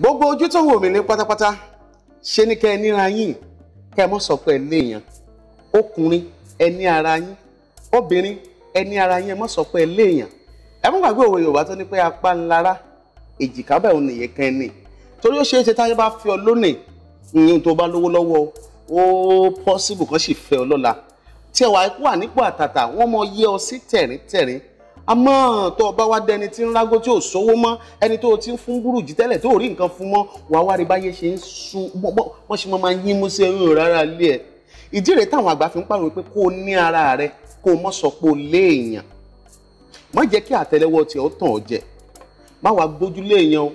gbogbo ojú tó wò mí ní pátápátá ṣe ni kẹ́ ẹ níra yín kẹ́ ẹ mọ́ sọ pé ẹ léèyàn ọkùnrin ẹ ní ara yín obìnrin ẹ ní ara yín ẹ mọ́ sọ pé ẹ léèyàn ẹ mọ́ gbàgbé òwe Yorùbá tó ní pé apá ńlára èjìká bẹ́ẹ̀ òun nìyẹn kẹ́ ní torí ó ṣe ṣeé ṣe táyé bá fi ọ lónìí ìyẹn tó bá lówó lọ́wọ́ ó pọ́sibù kan sì fẹ́ ọ lọ́la tí ẹ wà nípò àtàtà wọ́n mọ yé ọ sí tẹ̀ríntẹ̀rín àmọ́ tó o bá wá dẹni tí ń rágó tí ò sówó mọ́ ẹni tó o ti ń fún burújí tẹ́lẹ̀ tó o rí nǹkan fún mọ́ wàá wá rí báyé ṣe ń sun wọ́n ṣe máa yín mú sí ẹ̀rín rárá lé ẹ̀ ìdí rèé táwọn àgbà fi ń pàrọ̀ pé kó o ní ara rẹ kó o mọ̀ sọ pé o léèyàn má jẹ́ kí àtẹ́lẹwọ́ tiẹ̀ ó tàn ọ́ jẹ má wàá gbójú léèyàn o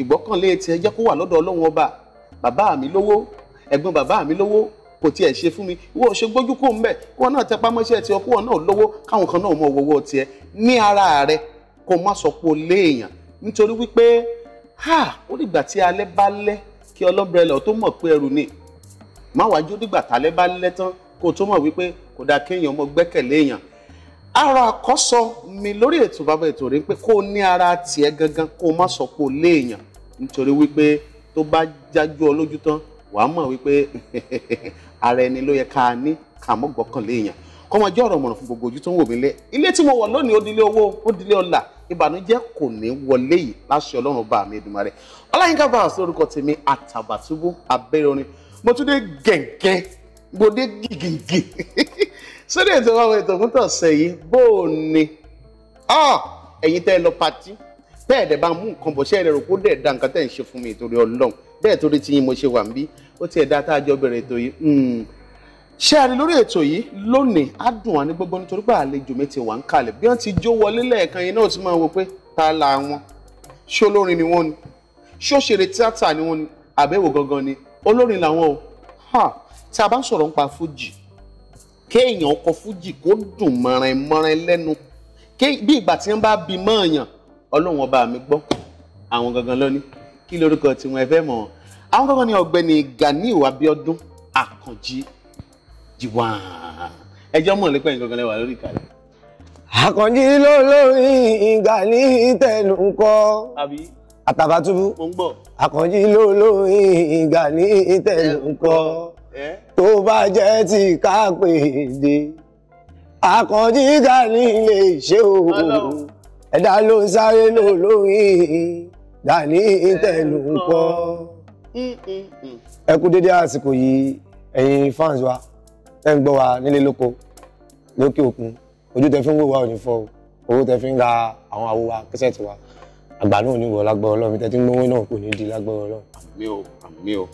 ìgbọ́kànlé tiẹ̀ jẹ́ kó wà lọ́dọ̀ Ọlọ́run ọba bàbá mi lówó ẹ̀gbọ́n bàbá mi lówó kò tiẹ̀ ṣe fún mi ìwọ ò ṣe gbójú kò ń bẹ̀ kí wọn náà tẹpá mọ́ṣẹ́ tiẹ̀ kí wọn náà lówó káwọn kan náà mọ owó tiẹ̀ ní ara rẹ kó má sọ pé o léèyàn nítorí wípé ha ó dìgbà tí alẹ́ bá lẹ́ kí ọlọ́bẹ̀rẹ̀lẹ̀ tó mọ̀ pé ẹrù ni má wàá jó dìgbà tálẹ́ bá lẹ́ tán kó tó mọ̀ wípé kò dáa kéèyàn mọ gbẹ́kẹ̀lé èèyàn ara àkọ́sọ mi lórí ètò bàbá ètò rẹ̀ pé kó o ní ara tiẹ̀ gangan kó o má sọ pé o léèyàn nítorí wípé tó bá jájú ọ lójú tán wàá mọ̀ wípé ara ẹni ló yẹ ká ní kàmọ́gbọ́kànlé èèyàn kọ́mọ jẹ́ ọ̀rọ̀ mọ̀ràn fún gbogbo ojú tó ń wò mí lé ilé tí mo wọ̀ lónìí ó dilé owó ó dilé ọlà ìbànújẹ́ kò ní wọlé yìí láṣẹ ọlọ́run bá mi Èdùmàrè ọláyínká bá àṣọ orúkọ tèmi àtàbàtúbú abẹ́rẹ́ orin mo tún dé gẹ̀ǹgẹ̀ mo dé gìgìgì sórí ètò àwọn ètò fún tọ̀sẹ̀ yìí bó o ní ah, ẹ̀yin tẹ́ ẹ lọ patí bẹ́ẹ̀ dẹ̀ bá mú nǹkan bọ̀ ṣẹ́ ẹ rẹ̀ rò kó dẹ̀ da nǹkan tẹ́ ń ṣe fún mi ìtorí ọlọ́run bẹ́ẹ̀ torí tiyín mo ṣe wà ń bí ó tiẹ̀ dá tá a jọ bẹ̀rẹ̀ ètò yìí hmm. ṣé a rí lórí ètò yìí lónìí á dùn wá ní gbogbo nítorí pé àlejò mi ti wà ń kalẹ̀ bí wọ́n ti jó wọlé lẹ́ẹ̀kan yẹn náà ti máa wò pé ta la wọn ṣé olórin ni wọ́n ni ṣé òṣèré tíátà ni wọ́n ni àbẹ̀wò gangan ni olórin làwọn o tá a bá ń sọ̀rọ̀ nípa fújì kéèyàn kọ fújì kó dùn mọ̀rin mọ̀rin lẹ́nu bí ìgbà tí wọ́n bá bí mọ́ọ̀yàn ọlọ́run ọba mi gbọ́ àwọn gangan lónìí kí lórúkọ tiwọn ẹ fẹ́ mọ̀ ọ́ àwọn kankan ní ọ̀gbẹ́ni Ganiu Abiodun Akanji Jiwan ẹjọ mọ lẹpẹ nǹkan kan lẹwà lórí ìkàlẹ. Àkànjí ló lórí ìgbà ní tẹnu kọ Àtàbàtúbú Àkànjí ló lórí ìgbà ní tẹnu kọ tó bá jẹ́ ti ká pè dé Àkànjí Gani lè ṣe o ẹ̀dá ló ń sáré lò lórí Gani tẹnu kọ ẹ kú dédé àsìkò yìí ẹ̀yin fans wa ẹ ń gbọ́ wa nílé lóko lókè òkun ojú tẹ fi ń wò wá òní fọ́ owó tẹ fi ń ra àwọn àwo wa kẹsẹ̀ tiwa àgbà náà ò ní wọ lágbọ́ ọlọ́run mi tẹ́tí ń gbówó náà kò ní di lágbọ́ ọlọ́run. àmì o àmì o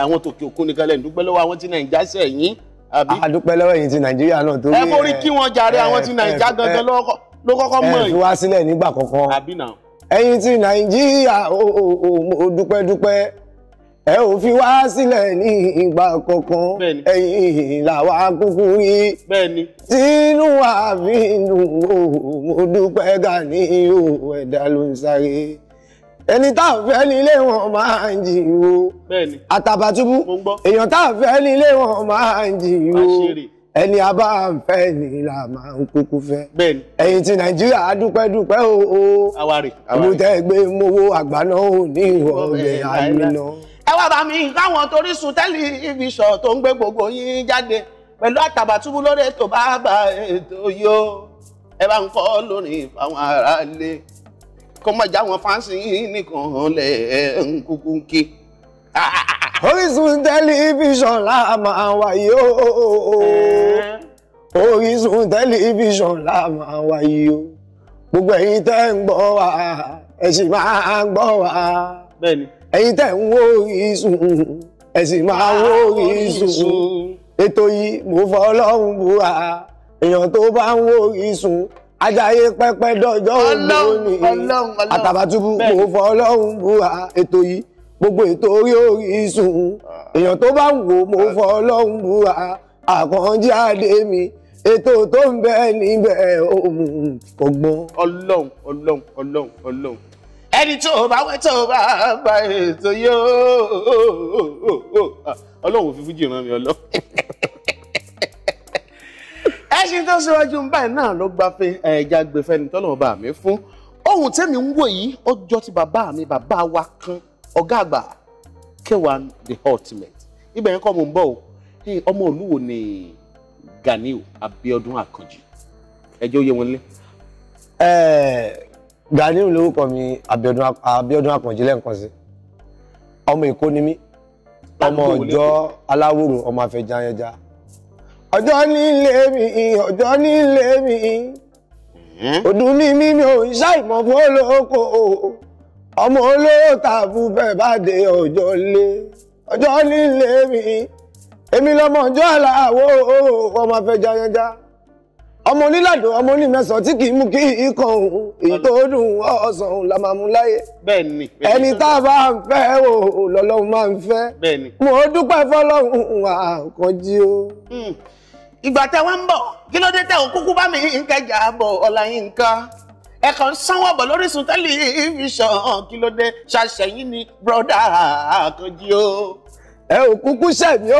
àwọn tòkè òkun ní kálẹ̀ ń dúpẹ́ lọ́wọ́ àwọn tí nàìjíríà sẹ̀ yín. a dúpẹ́ lọ́wọ́ ẹ̀yin ti nàìjíríà náà tó. ẹ mórí kí wọ́n jàre àwọn ti nàìjíríà gangan ló kọ́kọ́ mọ̀ yìí. ẹ fi wá sílẹ̀ nígbà kọ̀ọ̀kan ẹ̀yin ti nàìjíríà ó dúpẹ́ dúpẹ́ ẹ ò fi wá sílẹ̀ ní ìgbà kankan ẹ̀yìn làwa kúkú rí tínú àbínú mo dúpẹ́ Gani o ẹ̀dá ló ń sáré ẹni tá à ń fẹ́ nílé wọn máa ń jì o Àtàbàtúbú èèyàn tá à ń fẹ́ nílé wọn máa ń jì o ẹni a bá ń fẹ́ ni la máa ń kúkú fẹ́. bẹ́ẹ̀ni. ẹ̀yin ti nàìjíríà dúpẹ́ dúpẹ́ o. awari awari. àbútẹ́ gbé mowó àgbáná ò ní ìwọ̀n ọ̀gbẹ̀ àmì ẹ wá bá mi káwọn torí sun tẹlifíṣàn tó ń gbé gbogbo yín jáde pẹ̀lú Àtàbàtúbú lórí ètò bàbá ètò yóò ẹ bá ń kọ́ lórí fáwọn aráalé kó má já wọn fáǹsì yín nìkan lẹ̀ ń kúkú kí. Orísun tẹlifíṣàn la máa wáyé o Orísun tẹlifíṣàn la máa wáyé o gbogbo ẹ̀yin tẹ́ ń gbọ́ wa ẹ sì máa gbọ́ wa. Bẹ́ẹ̀ni ẹ̀yin tẹ̀ ń wo Orísun ẹ máa wo Orísun ètò yìí mo fọ Ọlọ́run búra èèyàn tó bá ń wo Orísun ajáyé pẹ́pẹ́ dọ́jọ́ òní Àtàbàtúbú mo fọ Ọlọ́run búra ètò yìí gbogbo ètò orí Orísun èèyàn tó bá ń wo mo fọ Ọlọ́run búra àkànjí àdé mi ètò tó ń bẹ níbẹ̀ òun kò gbọ́n. Ọlọ́run Ọlọ́run Ọlọ́run Ọlọ́run ẹni tó bá wẹ́ tó bá bá ètò yóò ọlọ́run òfin fújì ràn mí ọlọ́. ẹṣin tó síwájú ń báyìí náà ló gba pé ẹja gbẹfẹ ni tọ́lọ́run bá mi fún ohun tẹ́mi ń wò yìí ọjọ́ tí bàbá mi bàbá wa kan ọ̀gá àgbà kẹwàá the ultimate ibẹ̀ yẹn kọ́ mo ń bọ̀ o ọmọ olúwo ni Ganiu Abíọ́dún Àkànjì ẹjọ́ yẹ wọn lé. ẹ̀ẹ́ Ganiu lórúkọ mi Abiodun Akànjí lẹ́ǹkan sí ọmọ Èkó ni mí ọmọ ọjọ́ aláwòrò ọmọ afẹjayẹja ọjọ́ nílé mi ọjọ́ nílé mi ọdún ní mímí ò ṣàìmọ̀ fún olóko ọmọ olówó tààbù bẹ́ẹ̀ bá dé ọjọ́ lé ọjọ́ nílé mi èmi lọmọ ọjọ́ aláwò ọmọ afẹjayẹja ọmọ onílàdùn ọmọ onímẹ̀sán tí kì í mú kí ikọ̀ òun èyí tó ọ̀sán òun la máa mú láyé. bẹ́ẹ̀ni. ẹni tá a bá ń fẹ́ o lọ́lọ́run máa ń fẹ́. bẹ́ẹ̀ni. mo dúpẹ́ fọlọ́run àkànjí o. Hmm. ìgbà tẹ wá ń bọ̀ kí ló dé tẹ ò kúkú bá mi kẹjà bọ̀ ọ̀la yín nǹkan ẹ kàn sanwó ọbọ lórísun tẹlifíṣàn kí ló dé ṣàṣẹyìn ni bọdà àkànjí o. ẹ ò kúkú ṣẹ̀mí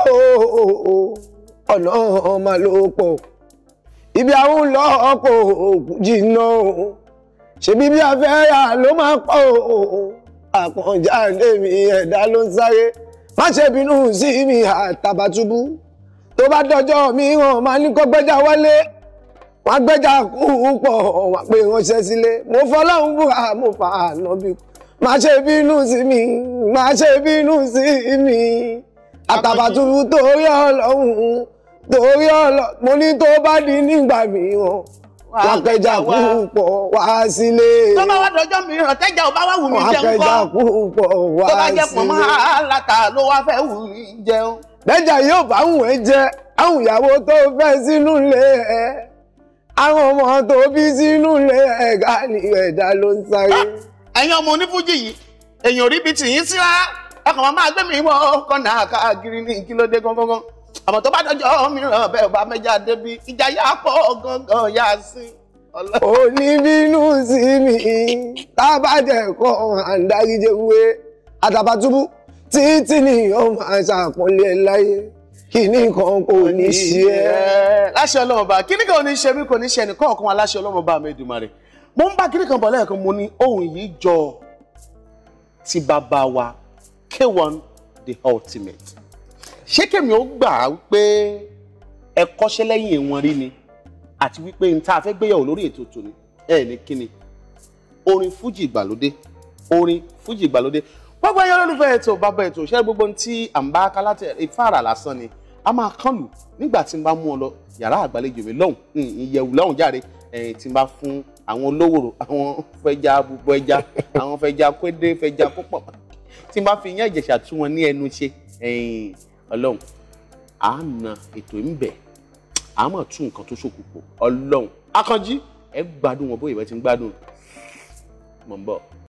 ọ̀nà ọmọ ibi àwọn ń lọ ọkọ̀ jìnnà ṣebí bí a fẹ́ rà ló máa pọ̀ àpọ̀njá lèmi ẹ̀dá ló ń sáré má ṣe bínú sí mi àtàbàtúbú tó bá dọjọ́ mìíràn máa ní kó gbẹ́jà wálé wọ́n gbẹ́jà kú pọ̀ wọ́n pé ránṣẹ́ sílé mo fọlọ́run búra mo fà á nọ́bí má ṣe bínú sí mi má ṣe bínú sí mi àtàbàtúbú tó yọ ọlọ́run torí ọlọ mo ní tó bá di nígbà mìíràn wákẹjà púpọ̀ wá sílé. tó bá wá dọjọ́ mìíràn tẹ́jà ò bá wá wù mí jẹun kọ́ wákẹjà púpọ̀ wá sílé. tó bá jẹ pọ̀nmọ́ aláta ló wá fẹ́ wù mí jẹun. lẹ́jà yóò bá wù ẹ́ jẹ àwọn ìyàwó tó fẹ́ sínú ilé ẹ̀ àwọn ọmọ tó bí sínú ilé ẹ̀ gáàlì ẹ̀dá ló ń sáré. Ah, ẹ̀yin ọmọ onífújì yìí èèyàn rí bíi tìyín sí rárá ọkàn máa gbé mi wọ ọkọ̀ náà káàkiri ní ìkílódé gángan àmọ́ tó bá dọjọ́ mìíràn bẹ́ẹ̀ bá mẹ́jà débi ìjà yà pọ̀ gangan yà sí. oníbínú sí mi tábàjẹ́ kọ́ àǹdáríjẹ wé àtàbàtúbú títí ni yóò máa ṣàpọ́nlé láyé kíní kan kò ní ṣe é. láṣẹ Ọlọ́run ọba kíní kan ò ní ṣe mí kò ní ṣe ẹnìkan ọ̀kan aláṣẹ Ọlọ́run mi Èdùmàrè mo ń bá kíní kan bọ̀ lẹ́ẹ̀kan mo ní ohun yìí jọ ti bàbá wa K1 the ultimate ṣé kèmi ó gbà á pé ẹ kọ́ṣẹ́ lẹ́yìn ìwọ̀n rí ni àti wípé n ta fẹ́ gbéyàwó lórí ètò tòní ẹ ní kíni orin fújì ìgbàlódé orin fújì ìgbàlódé gbogbo ẹyọ lólùfẹ́ ètò bàbá ètò ṣẹ́ gbogbo ohun tí à ń bá kálátẹ̀ ìfáàrà lásán ni a máa kàn lù nígbà tí n bá mú ọ lọ yàrá àgbàlejò mi lọ́hùn ìyẹ̀wù lọ́hùn jáde ẹ̀yìn tí n bá fún àwọn olówòrò àwọn fẹja abúbọ ẹja àwọn fẹja kéde fẹja kópọ̀ tí n bá fi yẹn ìjẹ̀ṣà tú wọn ní ẹnu ṣe ẹ̀yìn ọlọ́run à á na ètò ìbẹ̀ à á mọ̀ tún nǹkan tó ṣòkùnkùn ọlọ́run akànjí ẹ gbádùn wọn bóyá ìwé ti ń gbádùn mọ̀ ń bọ̀.